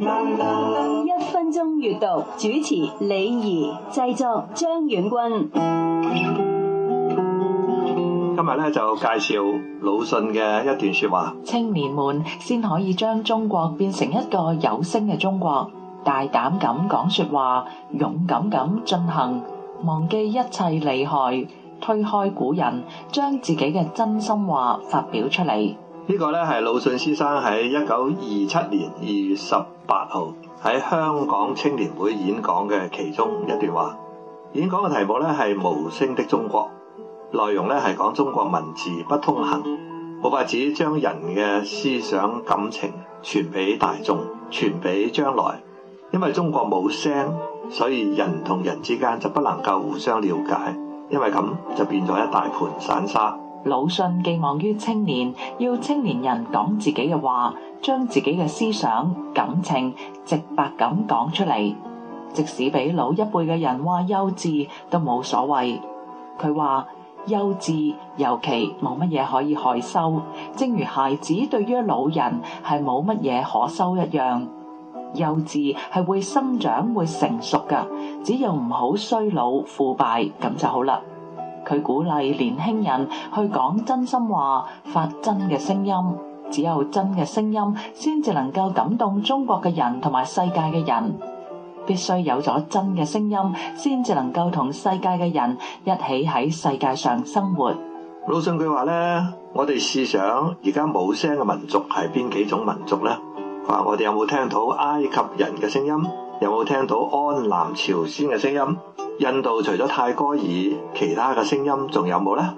啦啦啦，一分鐘閱讀，主持李儀，製作張遠軍。今日咧，就介紹魯迅嘅一段說話：青年們先可以將中國變成一個有聲嘅中國，大膽咁講說話，勇敢咁進行，忘記一切利害，推開古人，將自己嘅真心話發表出嚟。呢個咧係魯迅先生喺一九二七年二月十八號喺香港青年會演講嘅其中一段話。演講嘅題目咧係《無聲的中國》，內容咧係講中國文字不通行，冇法子將人嘅思想感情傳俾大眾，傳俾將來。因為中國冇聲，所以人同人之間就不能夠互相了解，因為咁就變咗一大盤散沙。魯迅寄望於青年，要青年人講自己嘅話，將自己嘅思想、感情直白咁講出嚟。即使俾老一輩嘅人話幼稚，都冇所謂。佢話幼稚尤其冇乜嘢可以害羞，正如孩子對於老人係冇乜嘢可羞一樣。幼稚係會生長會成熟噶，只要唔好衰老腐敗咁就好啦。佢去鼓勵年輕人去講真心話，發真嘅聲音。只有真嘅聲音，先至能夠感動中國嘅人同埋世界嘅人。必須有咗真嘅聲音，先至能夠同世界嘅人一起喺世界上生活。魯迅佢話咧：我哋試想而家冇聲嘅民族係邊幾種民族咧？啊，我哋有冇聽到埃及人嘅聲音？有冇聽到安南朝鮮嘅聲音？印度除咗泰戈爾，其他嘅聲音仲有冇呢？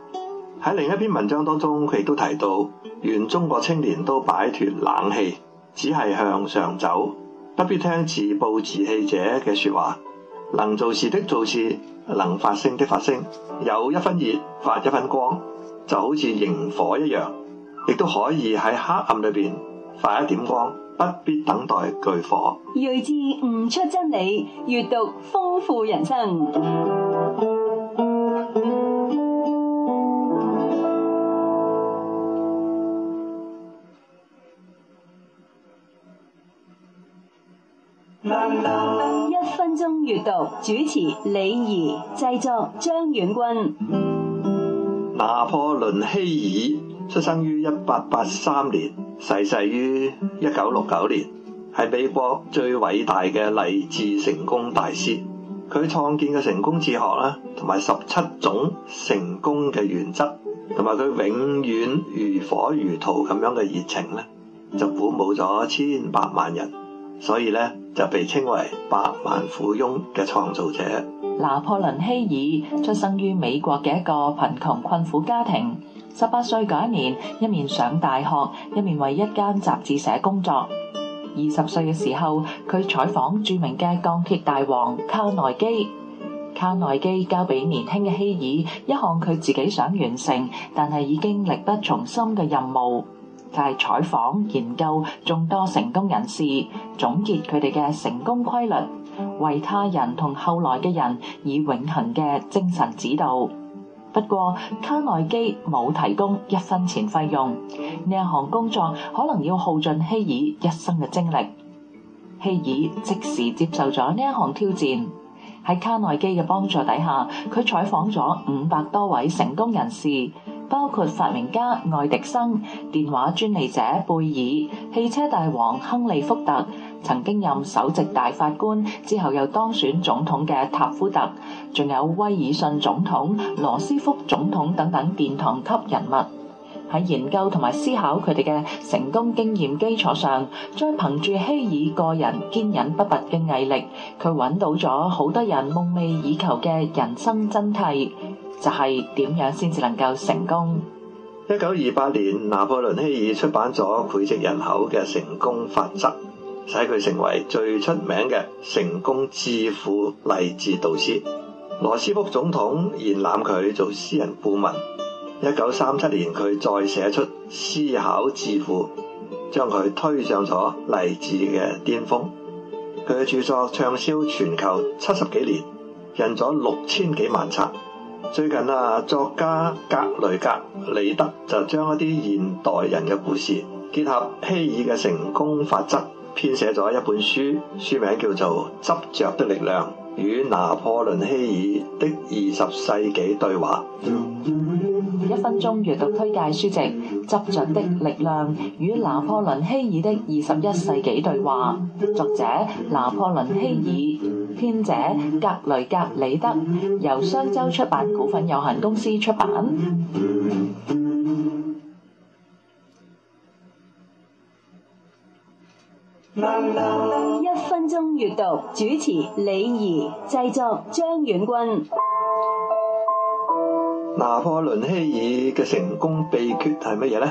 喺另一篇文章當中，佢亦都提到，願中國青年都擺脫冷氣，只係向上走，不必聽自暴自棄者嘅說話。能做事的做事，能發聲的發聲，有一分熱發一分光，就好似螢火一樣，亦都可以喺黑暗裏面發一點光。不必等待巨火。睿智悟出真理，閱讀豐富人生。 一分鐘閱讀，主持李儀，製作張遠君。拿破崙希爾。出生於一八八三年，逝世於一九六九年，係美國最偉大嘅勵志成功大師。佢創建嘅成功哲學啦，同埋十七種成功嘅原則，同埋佢永遠如火如荼咁樣嘅熱情咧，就鼓舞咗千百萬人。所以咧，就被稱為百萬富翁嘅創造者。拿破崙希爾出生於美國嘅一個貧窮困苦家庭。十八歲嗰一年，一面上大學，一面為一間雜誌社工作。二十歲嘅時候，佢採訪著名嘅鋼鐵大王卡內基。卡內基交畀年輕嘅希爾，一項佢自己想完成，但係已經力不從心嘅任務，就係採訪研究眾多成功人士，總結佢哋嘅成功規律，為他人同後來嘅人以永恆嘅精神指導。不過，卡內基冇提供一分錢費用。呢一行工作可能要耗盡希爾一生嘅精力。希爾即時接受咗呢一行挑戰。喺卡內基嘅幫助底下，佢採訪咗五百多位成功人士，包括發明家愛迪生、電話專利者貝爾、汽車大王亨利福特。曾經任首席大法官之後又當選總統嘅塔夫特，仲有威爾遜總統、羅斯福總統等等殿堂級人物。喺研究同埋思考佢哋嘅成功經驗基礎上，將憑住希爾個人堅忍不拔嘅毅力，佢揾到咗好多人夢寐以求嘅人生真諦，就係、是、點樣先至能夠成功。一九二八年，拿破崙希爾出版咗《膾炙人口嘅成功法則》。使佢成為最出名嘅成功致富勵志導師。羅斯福總統延攬佢做私人顧問。一九三七年，佢再寫出《思考致富》，將佢推上咗勵志嘅巔峰。佢嘅著作暢銷全球七十幾年，印咗六千幾萬冊。最近啊，作家格雷格利德就將一啲現代人嘅故事結合希爾嘅成功法則。編寫咗一本書，書名叫做《執着的力量與拿破崙希爾的二十世紀對話》嗯。一分鐘閱讀推介書籍《執着的力量與拿破崙希爾的二十一世紀對話》，作者拿破崙希爾，編者格雷格里德，由商周出版股份有限公司出版。嗯嗯 La la la 一分鐘閱讀主持李儀，製作張遠軍。拿破崙希爾嘅成功秘訣係乜嘢呢？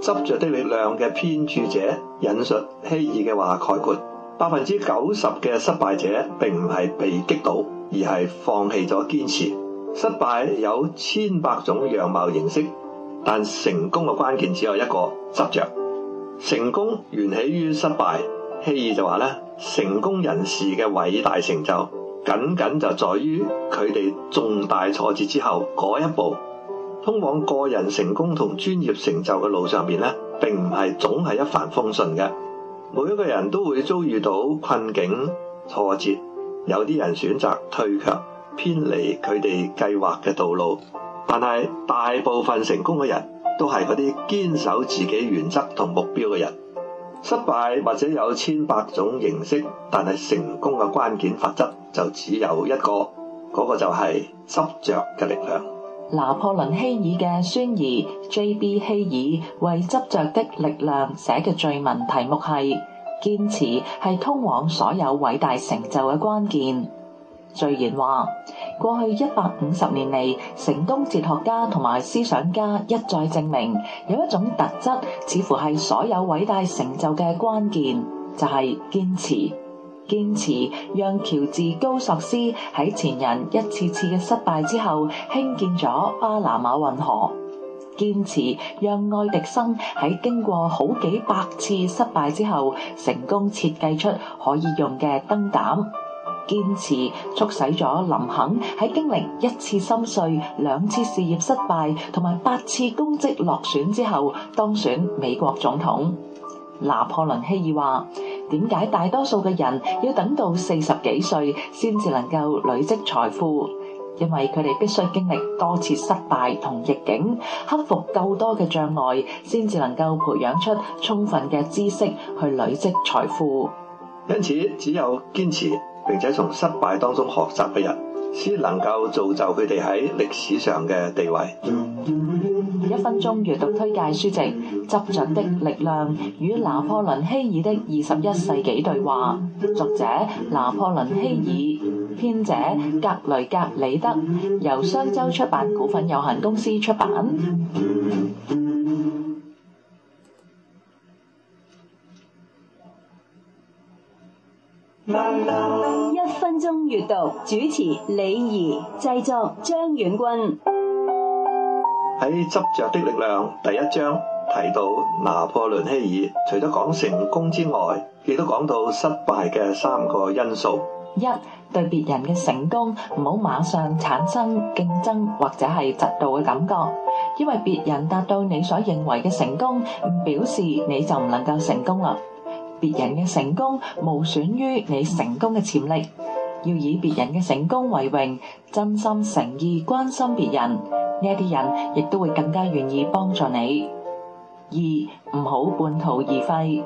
執着的力量嘅編著者引述希爾嘅話概括：百分之九十嘅失敗者，並唔係被擊倒，而係放棄咗堅持。失敗有千百種樣貌形式，但成功嘅關鍵只有一個：執着。成功源起於失敗，希爾就話咧：成功人士嘅偉大成就，僅僅就在於佢哋重大挫折之後嗰一步。通往個人成功同專業成就嘅路上邊咧，並唔係總係一帆風順嘅。每一個人都會遭遇到困境、挫折，有啲人選擇退卻、偏離佢哋計劃嘅道路，但係大部分成功嘅人，都係嗰啲堅守自己原則同目標嘅人。失敗或者有千百種形式，但係成功嘅關鍵法則就只有一個，嗰、嗰個就係執着嘅力量。拿破崙希爾嘅孫兒 J.B. 希爾為執着的力量寫嘅序文題目係：堅持係通往所有偉大成就嘅關鍵。序言話，過去一百五十年嚟，成功哲學家同埋思想家一再證明，有一種特質，似乎係所有偉大成就嘅關鍵，就係堅持。堅持讓喬治高索斯喺前人一次次嘅失敗之後，興建咗巴拿馬運河；堅持讓愛迪生喺經過好幾百次失敗之後，成功設計出可以用嘅燈膽。堅持促使咗林肯喺經歷一次心碎、兩次事業失敗、同埋八次公職落選之後當選美國總統。拿破崙希爾話：點解大多數嘅人要等到四十幾歲先至能夠累積財富？因為佢哋必須經歷多次失敗同逆境，克服夠多嘅障礙，先至能夠培養出充分嘅知識去累積財富。因此，只有堅持。並且從失敗當中學習嘅人，先能夠造就佢哋喺歷史上嘅地位。一分鐘閱讀推介書籍《執著的力量》與拿破崙希爾的二十一世紀對話，作者拿破崙希爾，編者格雷格里德，由商周出版股份有限公司出版。一分鐘閱讀主持李儀，製作張遠軍。喺《執着的力量》第一章提到，拿破崙希爾除咗講成功之外，亦都講到失敗嘅三個因素：一、對別人嘅成功唔好馬上產生競爭或者係嫉妒嘅感覺，因為別人達到你所認為嘅成功，唔表示你就唔能夠成功啦。別人嘅成功無損於你成功嘅潛力，要以別人嘅成功為榮，真心誠意關心別人，呢一啲人亦都會更加願意幫助你。二唔好半途而廢，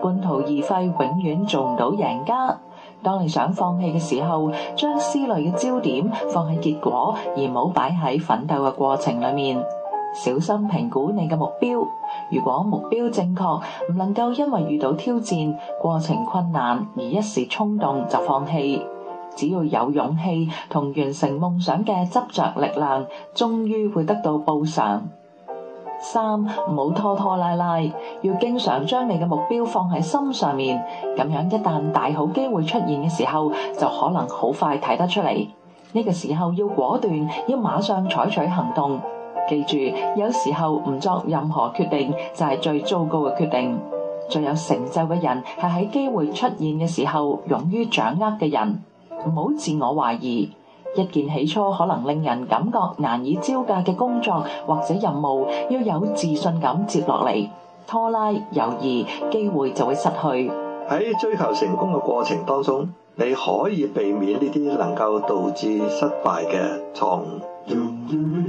半途而廢永遠做唔到贏家。當你想放棄嘅時候，將思慮嘅焦點放喺結果，而唔好擺喺奮鬥嘅過程裏面。小心評估你嘅目標，如果目標正確，唔能夠因為遇到挑戰、過程困難而一時衝動就放棄。只要有勇氣同完成夢想嘅執着力量，終於會得到報償。三，唔好拖拖拉拉，要經常將你嘅目標放喺心上面，咁樣一旦大好機會出現嘅時候，就可能好快睇得出嚟。呢、這個時候要果斷，要馬上採取行動。記住，有時候唔作任何決定就係最糟糕嘅決定。最有成就嘅人係喺機會出現嘅時候勇於掌握嘅人。唔好自我懷疑。一件起初可能令人感覺難以招架嘅工作或者任務，要有自信噉接落嚟。拖拉猶豫，機會就會失去。喺追求成功嘅過程當中，你可以避免呢啲能夠導致失敗嘅錯誤。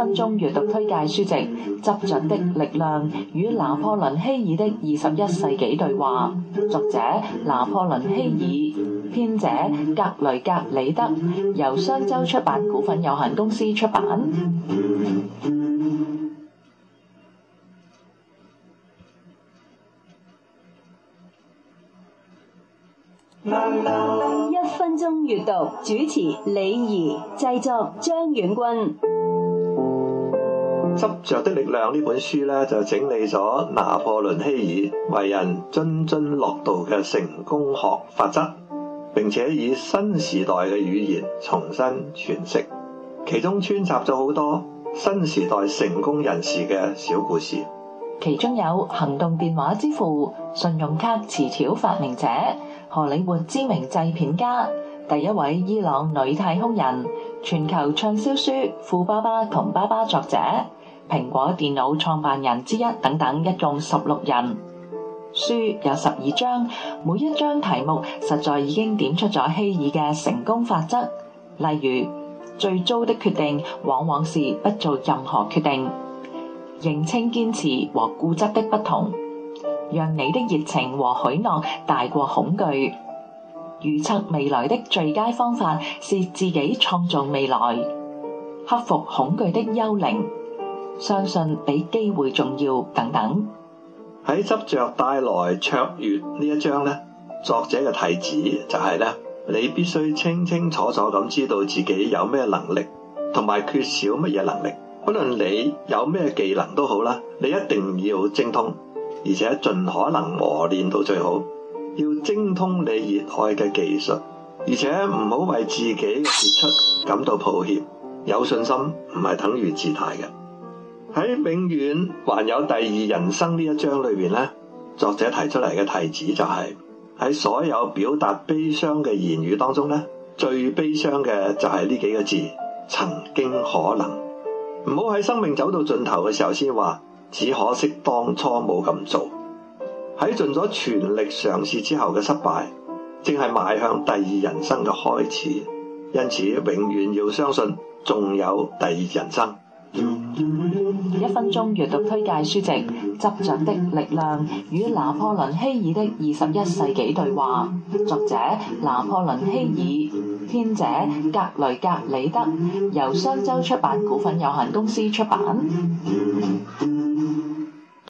一分鐘閱讀推介書籍《執著的力量》與拿破崙希爾的二十一世紀對話，作者拿破崙希爾，編者格雷格里德，由商周出版股份有限公司出版。一分鐘閱讀主持李怡，製作張遠軍。《執着的力量》呢本書咧，就整理咗拿破崙希爾為人津津樂道嘅成功學法則，並且以新時代嘅語言重新詮釋，其中穿插咗好多新時代成功人士嘅小故事，其中有行動電話之父、信用卡磁條發明者、荷里活知名製片家、第一位伊朗女太空人、全球暢銷書《富爸爸同爸爸》作者。蘋果電腦創辦人之一等等，一共十六人。書有十二章，每一章題目實在已經點出咗希爾嘅成功法則。例如，最糟的決定往往是不做任何決定；認清堅持和固執的不同；讓你的熱情和許諾大過恐懼；預測未來的最佳方法是自己創造未來；克服恐懼的幽靈。相信比機會重要。等等，喺執着帶來卓越呢一章作者嘅提示就係、是、咧，你必須清清楚楚咁知道自己有咩能力，同埋缺少乜嘢能力。不論你有咩技能都好啦，你一定要精通，而且盡可能磨練到最好。要精通你熱愛嘅技術，而且唔好為自己嘅傑出感到抱歉。有信心唔係等於自大嘅。喺永遠還有第二人生呢一章裏邊呢，作者提出嚟嘅題旨就係、是、喺所有表達悲傷嘅言語當中呢，最悲傷嘅就係呢幾個字曾經可能。唔好喺生命走到盡頭嘅時候先話，只可惜當初冇咁做。喺盡咗全力嘗試之後嘅失敗，正係邁向第二人生嘅開始。因此永遠要相信仲有第二人生。一分鐘閱讀推介書籍《執著的力量》與拿破崙希爾的二十一世紀對話，作者拿破崙希爾，編者格雷格里德，由商周出版股份有限公司出版。